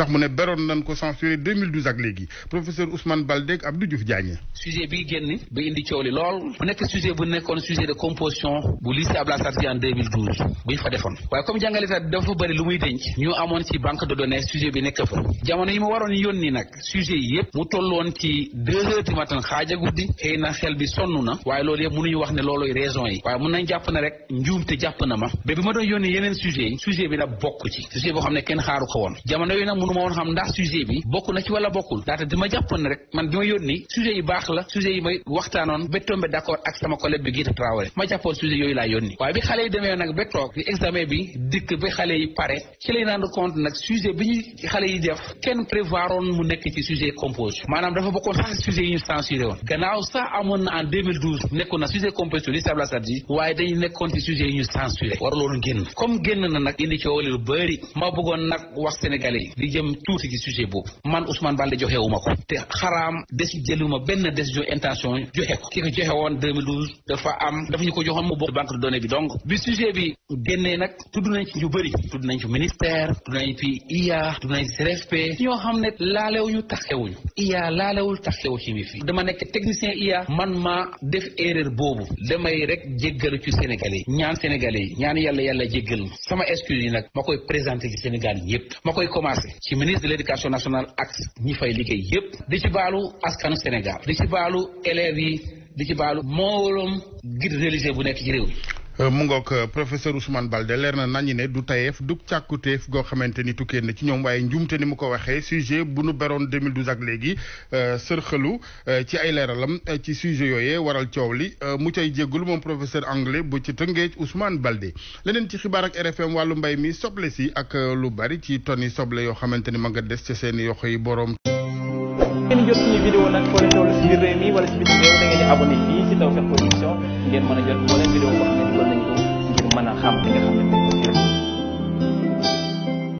sax mu ne beroon nañ ko censuré ak léegi professeur Ousmane Baldé ak Abdou Diouf Diagne. sujet bi génn ba indi coow li lool bu nekk sujet bu nekkoon sujet de composition bu lycée Abdoulaye Sarr Sy en 2012 bu fa defoon waaye comme jàngalekat dafa bëri lu muy denc ñu amoon ci banque de données sujet bi nekk fa jamono yi mu waroon yónni nag sujet yi yëpp mu tolloon ci deux du matin xaaja guddi xëy na xel bi sonn na waaye loolu yëpp mënuñu wax ne loolooy ne rek ma ba bi ma doon yónni yeneen sujet yi sujet bi bëgguma woon xam ndax sujet bi bokk na ci wala bokkul ndaxte dama jàppoon rek man bi ma yónni sujet yu baax la sujet yi may waxtaanoon ba tombé d'accord ak sama collègue bi Guita Traoré ma jàppoon sujet yooyu laa yónni waaye bi xale yi demee nag ba toog di examen bi dikk ba xale yi pare ci lay rendre compte nag sujet bi ñu xale yi def kenn prévoir woon mu nekk ci sujet compose maanaam dafa bokkoon sax sujet yi ñu censuré woon waaye dañu nekkoon dem tuuti ci sujet boobu man Ousmane Baldé joxewu ma ko te xaraam desi jëluma benn décision intention joxe ko ki ko joxe woon 2012 dafa am dafa ñu ko joxoon mu bokk banque de données bi donc bi sujet bi génnee nag tudd nañ ci ñu bari tudd nañ ci ministère tudd nañ fi IA tudd nañ ci ñoo xam ne laalewuñu taxewuñu IA laalewul taxewu ci mi fi dama nekk technicien IA man ma def erreur boobu damay rek jéggalu ci Sénégalais yi ñaan Sénégalais yi ñaan yàlla yàlla jéggal ma sama excuse yi nag ma koy présenté ci Sénégal yépp ma koy ci ministre de nationale ak ñi fay liggéey yépp di ci baalu askanu Sénégal di ci baalu élèves yi di ci baalu mbooloom guide religieux bu nekk ci réew mi Euh, mu ngoog euh, professeur Ousmane Balde leer na nañu ne du tayeef du càkkuteef goo xamante ni tukkee na ci ñoom waaye njuumte ni mu ko waxee sujet bu nu beroon 2012 ak léegi euh, sërxalu ci ay leeralam ci sujet yooyee waral coow li mu cay jéggul moom professeur anglais bu ci tëngeej Ousmane Balde leneen ci xibaar ak RFM wàllu mbay mi soble si ak lu bari ci tonni soble yoo xamante ni ma nga des ca seen yoxo yi boroom abonné fii ci Tawfekh Production ngeen mën a jot moo leen vidéo boo xam ne